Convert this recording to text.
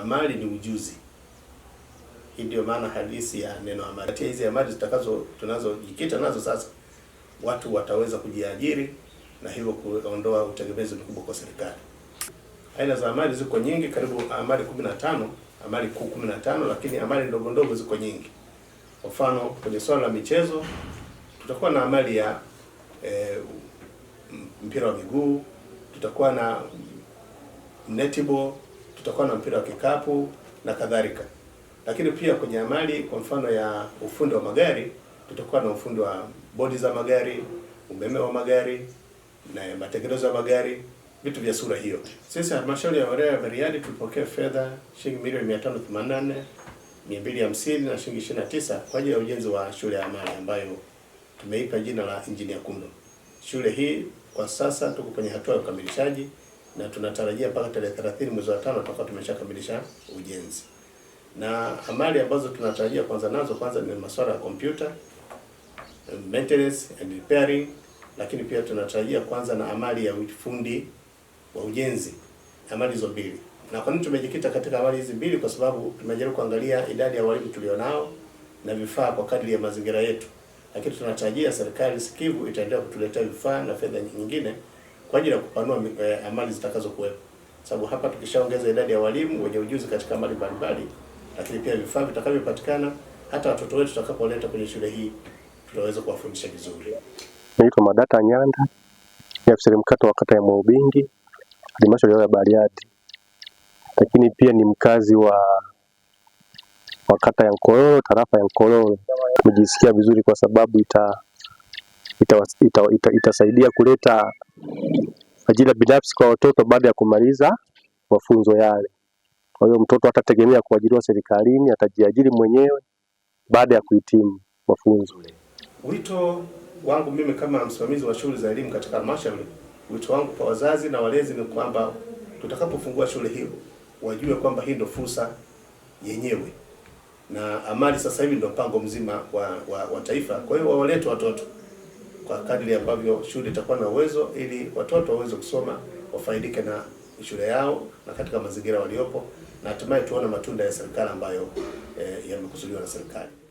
amali ni ujuzi. Hii ndio maana halisi ya neno amali. Kati hizi amali zitakazo tunazojikita nazo sasa, watu wataweza kujiajiri na hivyo kuondoa utegemezi mkubwa kwa serikali. Aina za amali ziko nyingi, karibu amali 15, amali kuu 15, lakini amali ndogo ndogo ziko nyingi. Kwa mfano kwenye swala la michezo tutakuwa na amali ya e, mpira wa miguu, tutakuwa na netball tutakuwa na mpira wa kikapu na kadhalika. Lakini pia kwenye amali kwa mfano ya ufundi wa magari, tutakuwa na ufundi wa bodi za magari, umeme wa magari na matengenezo ya magari, vitu vya sura hiyo. Sisi halmashauri ya wilaya ya Bariadi tulipokea fedha shilingi milioni 584 250 na shilingi 29 kwa ajili ya ujenzi wa shule ya amali ambayo tumeipa jina la Injinia Kundo. Shule hii kwa sasa tuko kwenye hatua ya ukamilishaji na tunatarajia mpaka tarehe 30 mwezi wa tano tutakuwa tumeshakamilisha ujenzi, na amali ambazo tunatarajia kwanza nazo kwanza ni masuala ya computer maintenance and repairing, lakini pia tunatarajia kwanza na amali ya ufundi wa ujenzi, amali hizo mbili. Na kwa nini tumejikita katika amali hizi mbili? Kwa sababu tumejaribu kuangalia idadi ya walimu tulionao na vifaa kwa kadri ya mazingira yetu, lakini tunatarajia serikali sikivu itaendelea kutuletea vifaa na fedha nyingine kwa ajili ya kupanua eh, amali zitakazokuwepo, sababu hapa tukishaongeza idadi ya walimu wenye ujuzi katika amali mbalimbali, lakini pia vifaa vitakavyopatikana, hata watoto wetu tutakapoleta kwenye shule hii tunaweza kuwafundisha vizuri. Naitwa Madata Nyanda, ni afisa mkato wa kata ya Mwaubingi, halmashauri ya Bariadi, lakini pia ni mkazi wa wa kata ya nkororo tarafa ya Nkololo. Tumejisikia vizuri kwa sababu ita, ita, ita, ita, ita, itasaidia kuleta ajira binafsi kwa watoto baada ya kumaliza mafunzo yale. Kwa hiyo mtoto atategemea kuajiriwa serikalini, atajiajiri mwenyewe baada ya kuhitimu mafunzo. Wito wangu mimi kama msimamizi wa shule za elimu katika halmashauri, wito wangu kwa wazazi na walezi ni kwamba tutakapofungua shule hiyo wajue kwamba hii ndio fursa yenyewe, na amali sasa hivi ndio mpango mzima wa, wa, wa taifa. Kwa hiyo wawalete watoto kwa kadri ambavyo shule itakuwa na uwezo, ili watoto waweze kusoma wafaidike na shule yao na katika mazingira waliopo, na hatimaye tuone matunda ya serikali ambayo eh, yamekusudiwa na serikali.